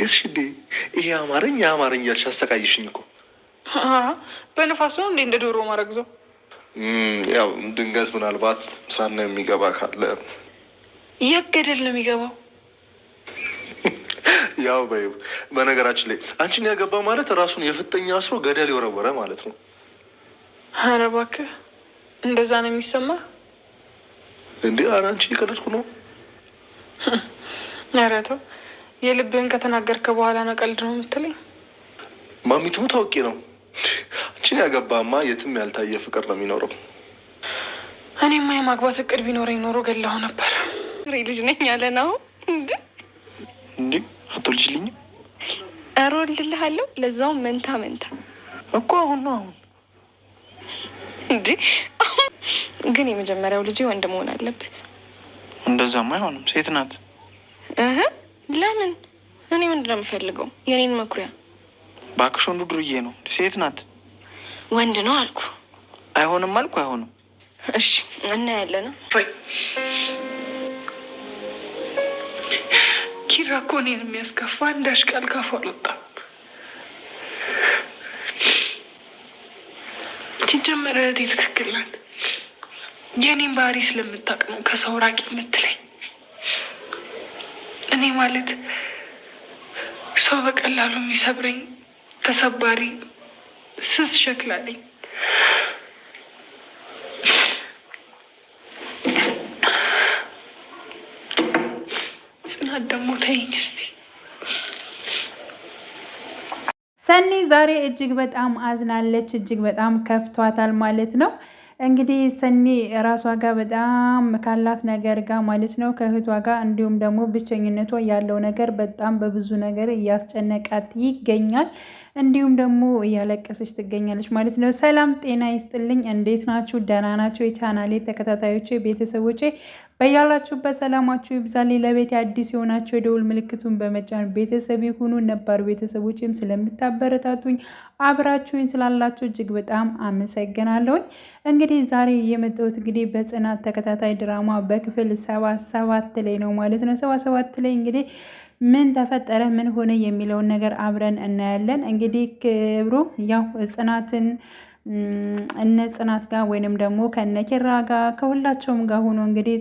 አረገዝሽ እንዴ? ይሄ አማረኝ የአማረኝ እያልሽ አሰቃየሽኝ እኮ። በንፋስ ነው እንዴ እንደ ዶሮ ማረግዘው? ያው ድንገት ምናልባት ሳነ የሚገባ ካለ የት ገደል ነው የሚገባው? ያው በይ በነገራችን ላይ አንቺን ያገባ ማለት ራሱን የፍጠኛ አስሮ ገደል የወረወረ ማለት ነው። ኧረ እባክህ እንደዛ ነው የሚሰማ እንዴ? ኧረ አንቺ እየቀለድኩ ነው። ኧረ ተው የልብህን ከተናገርከ በኋላ ነው ቀልድ ነው የምትለኝ? ማሚትሙ ታውቂ ነው አንቺን ያገባማ የትም ያልታየ ፍቅር ነው የሚኖረው። እኔማ የማግባት እቅድ ቢኖረኝ ኖሮ ገላሁ ነበር። ልጅ ነኝ ያለ ነው እንዲ እንዲ አቶ ልጅ ልኝ ኧረ ወልድልሃለሁ። ለዛውም መንታ መንታ እኮ አሁን ነው አሁን እንዲ ግን የመጀመሪያው ልጅ ወንድ መሆን አለበት። እንደዛማ አይሆንም፣ ሴት ናት ለምን? እኔ ምንድን ነው የምፈልገው? የኔን መኩሪያ እባክሽ። ወንዱ ዱርዬ ነው፣ ሴት ናት። ወንድ ነው አልኩ። አይሆንም አልኩ። አይሆንም። እሺ እናያለን። ኪራ እኮ እኔን የሚያስከፋ አንዳች ቃል ካፉ አልወጣም። ሲጀመር እህቴ ትክክል ናት። የእኔን ባህሪ ስለምታውቅ ነው ከሰው ራቂ የምትለኝ። እኔ ማለት ሰው በቀላሉ የሚሰብረኝ ተሰባሪ ስስ ሸክላ ነኝ። ጽናት ደግሞ ተይኝ እስቲ። ሰኒ ዛሬ እጅግ በጣም አዝናለች፣ እጅግ በጣም ከፍቷታል ማለት ነው። እንግዲህ ሰኒ ራሷ ጋር በጣም ካላት ነገር ጋር ማለት ነው ከእህቷ ጋር እንዲሁም ደግሞ ብቸኝነቷ ያለው ነገር በጣም በብዙ ነገር እያስጨነቃት ይገኛል። እንዲሁም ደግሞ እያለቀሰች ትገኛለች ማለት ነው። ሰላም ጤና ይስጥልኝ። እንዴት ናችሁ? ደህና ናችሁ? የቻናሌ ተከታታዮቼ ቤተሰቦቼ በያላችሁበት ሰላማችሁ ይብዛልኝ። ለቤት አዲስ የሆናችሁ የደውል ምልክቱን በመጫን ቤተሰብ የሆኑ ነባር ቤተሰቦችም ስለምታበረታቱኝ አብራችሁኝ ስላላችሁ እጅግ በጣም አመሰግናለሁኝ። እንግዲህ ዛሬ የመጣሁት እንግዲህ በጽናት ተከታታይ ድራማ በክፍል ሰባ ሰባት ላይ ነው ማለት ነው። ሰባ ሰባት ላይ እንግዲህ ምን ተፈጠረ ምን ሆነ የሚለውን ነገር አብረን እናያለን። እንግዲህ ክብሩ ያው ጽናትን እነ ጽናት ጋር ወይንም ደግሞ ከነ ኪራ ጋር ከሁላቸውም ጋር ሆኖ እንግዲህ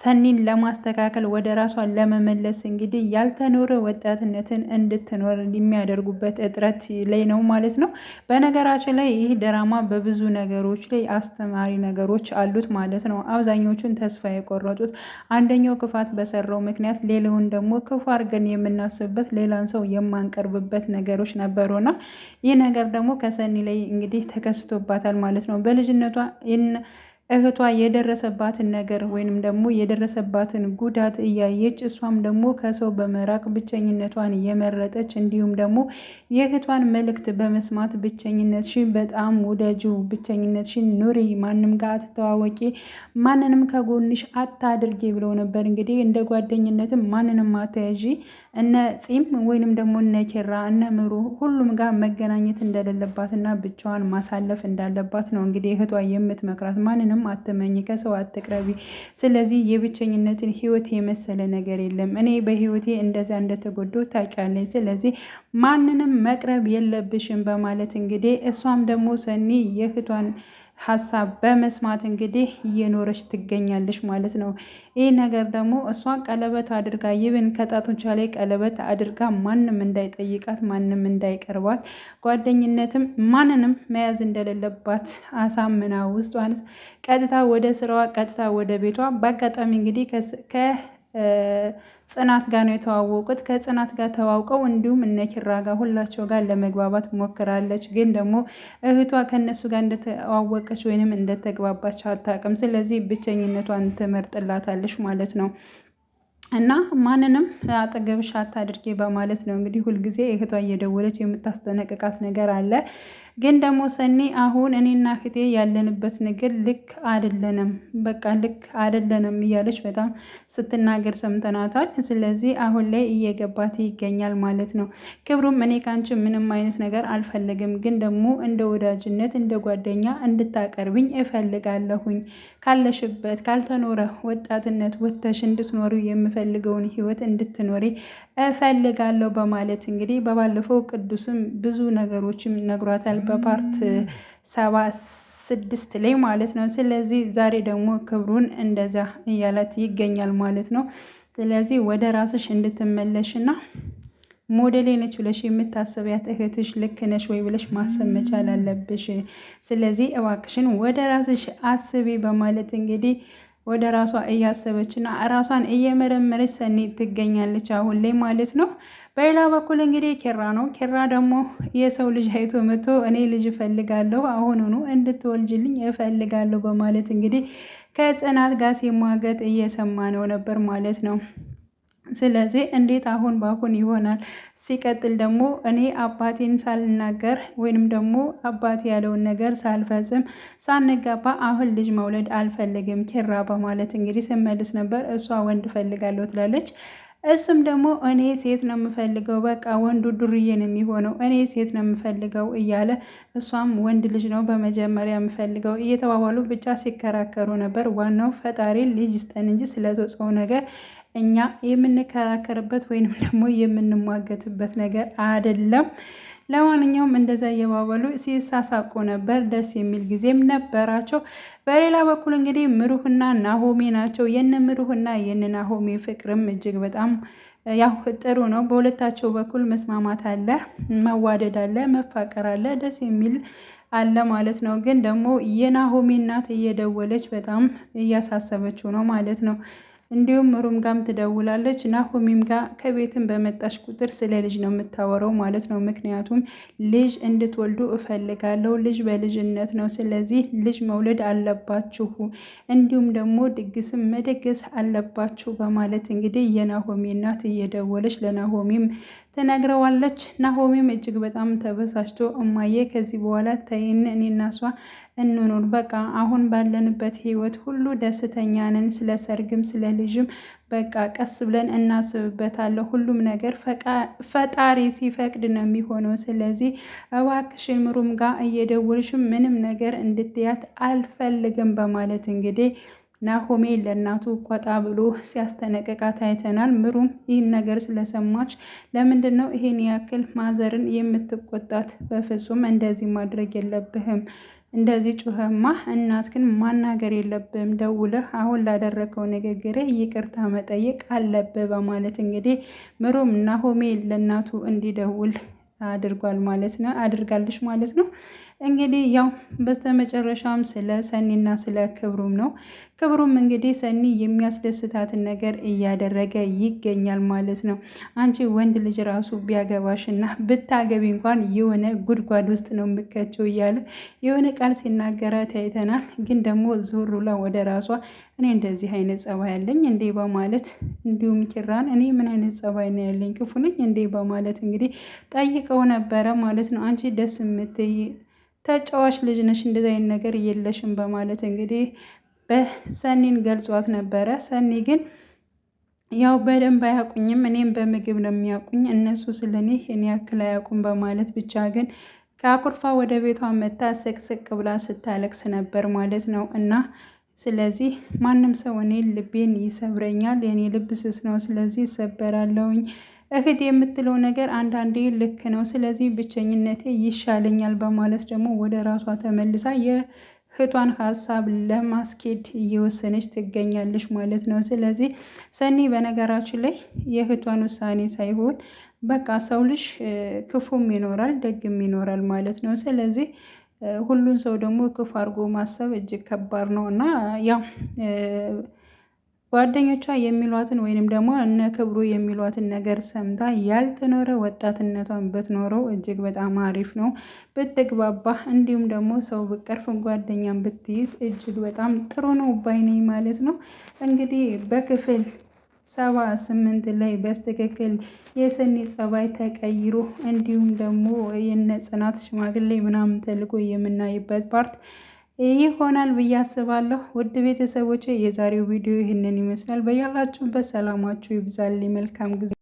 ሰኒን ለማስተካከል ወደ ራሷን ለመመለስ እንግዲህ ያልተኖረ ወጣትነትን እንድትኖር የሚያደርጉበት እጥረት ላይ ነው ማለት ነው። በነገራችን ላይ ይህ ድራማ በብዙ ነገሮች ላይ አስተማሪ ነገሮች አሉት ማለት ነው። አብዛኞቹን ተስፋ የቆረጡት አንደኛው ክፋት በሰራው ምክንያት፣ ሌላውን ደግሞ ክፉ አድርገን የምናስብበት ሌላን ሰው የማንቀርብበት ነገሮች ነበሩና ይህ ነገር ደግሞ ከሰኒ ላይ እንግዲህ ተከስቶባታል ማለት ነው በልጅነቷ እህቷ የደረሰባትን ነገር ወይንም ደግሞ የደረሰባትን ጉዳት እያየች እሷም ደግሞ ከሰው በመራቅ ብቸኝነቷን የመረጠች እንዲሁም ደግሞ የእህቷን መልእክት በመስማት ብቸኝነትሽን በጣም ውደጁ፣ ብቸኝነትሽን ኑሪ፣ ማንም ጋር አትተዋወቂ፣ ማንንም ከጎንሽ አታድርጌ ብለው ነበር። እንግዲህ እንደ ጓደኝነትም ማንንም አተያዥ እነ ፂም ወይንም ደግሞ እነ ኬራ እነ ምሩ ሁሉም ጋር መገናኘት እንደሌለባትና ብቻዋን ማሳለፍ እንዳለባት ነው እንግዲህ እህቷ የምትመክራት ማንንም ምንም አትመኝ፣ ከሰው አትቅረቢ። ስለዚህ የብቸኝነትን ህይወት የመሰለ ነገር የለም። እኔ በህይወቴ እንደዛ እንደተጎዶ ታውቂያለሽ። ስለዚህ ማንንም መቅረብ የለብሽም በማለት እንግዲህ እሷም ደግሞ ሰኒ የእህቷን ሀሳብ በመስማት እንግዲህ እየኖረች ትገኛለች ማለት ነው። ይህ ነገር ደግሞ እሷ ቀለበት አድርጋ ይብን ከጣቶቿ ላይ ቀለበት አድርጋ ማንም እንዳይጠይቃት፣ ማንም እንዳይቀርባት፣ ጓደኝነትም ማንንም መያዝ እንደሌለባት አሳምና ውስጥ ማለት ቀጥታ ወደ ስራዋ ቀጥታ ወደ ቤቷ በአጋጣሚ እንግዲህ ጽናት ጋር ነው የተዋወቁት። ከጽናት ጋር ተዋውቀው እንዲሁም እነ ኪራ ጋር ሁላቸው ጋር ለመግባባት ሞክራለች። ግን ደግሞ እህቷ ከእነሱ ጋር እንደተዋወቀች ወይንም እንደተግባባች አታውቅም። ስለዚህ ብቸኝነቷን ትመርጥላታለች ማለት ነው። እና ማንንም አጠገብሽ አታድርጌ በማለት ነው እንግዲህ ሁልጊዜ እህቷ እየደወለች የምታስጠነቅቃት ነገር አለ። ግን ደግሞ ሰኒ አሁን እኔና ህቴ ያለንበት ነገር ልክ አይደለንም፣ በቃ ልክ አይደለንም እያለች በጣም ስትናገር ሰምተናታል። ስለዚህ አሁን ላይ እየገባት ይገኛል ማለት ነው። ክብሩም እኔ ካንቺ ምንም አይነት ነገር አልፈልግም፣ ግን ደግሞ እንደ ወዳጅነት እንደ ጓደኛ እንድታቀርብኝ እፈልጋለሁኝ። ካለሽበት ካልተኖረ ወጣትነት ወተሽ እንድትኖሪ የምፈልገውን ህይወት እንድትኖሪ እፈልጋለሁ በማለት እንግዲህ በባለፈው ቅዱስም ብዙ ነገሮችም ነግሯታል። በፓርት ሰባ ስድስት ላይ ማለት ነው። ስለዚህ ዛሬ ደግሞ ክብሩን እንደዛ እያላት ይገኛል ማለት ነው። ስለዚህ ወደ ራስሽ እንድትመለሽ እንድትመለሽና ሞዴሌ ነች ብለሽ የምታሰቢያት እህትሽ ልክ ነሽ ወይ ብለሽ ማሰብ መቻል አለብሽ። ስለዚህ እባክሽን ወደ ራስሽ አስቢ በማለት እንግዲህ ወደ ራሷ እያሰበች እና ራሷን እየመረመረች ሰኒ ትገኛለች አሁን ላይ ማለት ነው። በሌላ በኩል እንግዲህ ኬራ ነው። ኬራ ደግሞ የሰው ልጅ አይቶ መጥቶ እኔ ልጅ እፈልጋለሁ፣ አሁኑኑ እንድትወልጅልኝ እፈልጋለሁ በማለት እንግዲህ ከጽናት ጋር ሲሟገት እየሰማ ነው ነበር ማለት ነው። ስለዚህ እንዴት አሁን በአሁን ይሆናል? ሲቀጥል ደግሞ እኔ አባቴን ሳልናገር ወይንም ደግሞ አባቴ ያለውን ነገር ሳልፈጽም ሳንጋባ አሁን ልጅ መውለድ አልፈልግም ኪራ በማለት እንግዲህ ስመልስ ነበር። እሷ ወንድ ፈልጋለሁ ትላለች። እሱም ደግሞ እኔ ሴት ነው የምፈልገው፣ በቃ ወንዱ ዱርዬ ነው የሚሆነው፣ እኔ ሴት ነው የምፈልገው እያለ እሷም ወንድ ልጅ ነው በመጀመሪያ የምፈልገው እየተባባሉ ብቻ ሲከራከሩ ነበር። ዋናው ፈጣሪ ልጅ ስጠን እንጂ ስለተወሰው ነገር እኛ የምንከራከርበት ወይንም ደግሞ የምንሟገትበት ነገር አይደለም። ለማንኛውም እንደዛ እየባበሉ ሲሳሳቁ ነበር። ደስ የሚል ጊዜም ነበራቸው። በሌላ በኩል እንግዲህ ምሩህና ናሆሜ ናቸው። የነ ምሩህና የነ ናሆሜ ፍቅርም እጅግ በጣም ያው ጥሩ ነው። በሁለታቸው በኩል መስማማት አለ፣ መዋደድ አለ፣ መፋቀር አለ፣ ደስ የሚል አለ ማለት ነው። ግን ደግሞ የናሆሜ እናት እየደወለች በጣም እያሳሰበችው ነው ማለት ነው። እንዲሁም ሩም ጋም ትደውላለች። ናሆሚም ጋር ከቤትም በመጣች ቁጥር ስለ ልጅ ነው የምታወረው ማለት ነው። ምክንያቱም ልጅ እንድትወልዱ እፈልጋለሁ፣ ልጅ በልጅነት ነው። ስለዚህ ልጅ መውለድ አለባችሁ፣ እንዲሁም ደግሞ ድግስም መደገስ አለባችሁ በማለት እንግዲህ የናሆሚ እናት እየደወለች ለናሆሚም ተናግረዋለች። ናሆሚም እጅግ በጣም ተበሳጭቶ እማዬ ከዚህ በኋላ ተይን፣ እኔና እሷ እንኑር፣ በቃ አሁን ባለንበት ህይወት ሁሉ ደስተኛ ነን፣ ስለ ሰርግም ስለ ልጅም በቃ ቀስ ብለን እናስብበታለን። ሁሉም ነገር ፈጣሪ ሲፈቅድ ነው የሚሆነው። ስለዚህ እባክሽን ምሩም ጋር እየደወልሽም ምንም ነገር እንድትያት አልፈልግም በማለት እንግዲህ ናሆሜ ለእናቱ ቆጣ ብሎ ሲያስጠነቅቃት አይተናል። ምሩም ይህን ነገር ስለሰማች ለምንድን ነው ይሄን ያክል ማዘርን የምትቆጣት? በፍጹም እንደዚህ ማድረግ የለብህም እንደዚህ ጩኸማ እናት ግን ማናገር የለብም ደውለህ አሁን ላደረከው ንግግር ይቅርታ መጠየቅ አለብህ በማለት እንግዲህ ምሩም ናሆሜ ለእናቱ እንዲደውል አድርጓል ማለት ነው አድርጋለች ማለት ነው እንግዲህ ያው በስተመጨረሻም ስለ ሰኒና ስለ ክብሩም ነው። ክብሩም እንግዲህ ሰኒ የሚያስደስታትን ነገር እያደረገ ይገኛል ማለት ነው። አንቺ ወንድ ልጅ ራሱ ቢያገባሽና ብታገቢ እንኳን የሆነ ጉድጓድ ውስጥ ነው የምከቸው እያለ የሆነ ቃል ሲናገረ ተይተናል። ግን ደግሞ ዞር ብላ ወደ ራሷ እኔ እንደዚህ አይነት ጸባይ ያለኝ እንዴ በማለት እንዲሁም ኪራን እኔ ምን አይነት ጸባይ ነው ያለኝ ክፉ ነኝ እንዴ በማለት እንግዲህ ጠይቀው ነበረ ማለት ነው። አንቺ ደስ የምትይ ተጫዋች ልጅ ነሽ፣ እንደዚህ አይነት ነገር የለሽም በማለት እንግዲህ በሰኒን ገልጿት ነበረ። ሰኒ ግን ያው በደንብ አያውቁኝም፣ እኔም በምግብ ነው የሚያውቁኝ፣ እነሱ ስለ እኔ እኔ ያክል አያውቁም በማለት ብቻ ግን ከአኩርፋ ወደ ቤቷ መታ ስቅስቅ ብላ ስታለቅስ ነበር ማለት ነው እና ስለዚህ ማንም ሰው እኔ ልቤን ይሰብረኛል፣ የኔ ልብ ስስ ነው፣ ስለዚህ ይሰበራለሁኝ እህት የምትለው ነገር አንዳንዴ ልክ ነው። ስለዚህ ብቸኝነቴ ይሻለኛል በማለት ደግሞ ወደ ራሷ ተመልሳ የእህቷን ሀሳብ ለማስኬድ እየወሰነች ትገኛለች ማለት ነው። ስለዚህ ሰኒ በነገራችን ላይ የእህቷን ውሳኔ ሳይሆን በቃ ሰው ልጅ ክፉም ይኖራል ደግም ይኖራል ማለት ነው። ስለዚህ ሁሉን ሰው ደግሞ ክፉ አድርጎ ማሰብ እጅግ ከባድ ነው እና ያው ጓደኞቿ የሚሏትን ወይንም ደግሞ እነ ክብሩ የሚሏትን ነገር ሰምታ ያልተኖረ ወጣትነቷን ብትኖረው እጅግ በጣም አሪፍ ነው ብትግባባ፣ እንዲሁም ደግሞ ሰው ብቀርፍ ጓደኛን ብትይዝ እጅግ በጣም ጥሩ ነው ባይነኝ ማለት ነው። እንግዲህ በክፍል ሰባ ስምንት ላይ በስትክክል የሰኒ ጸባይ ተቀይሮ እንዲሁም ደግሞ የነ ጽናት ሽማግሌ ምናምን ተልኮ የምናይበት ፓርት ይሆናል ብዬ አስባለሁ። ውድ ቤተሰቦቼ የዛሬው ቪዲዮ ይህንን ይመስላል። በያላችሁበት ሰላማችሁ ይብዛል። መልካም ጊዜ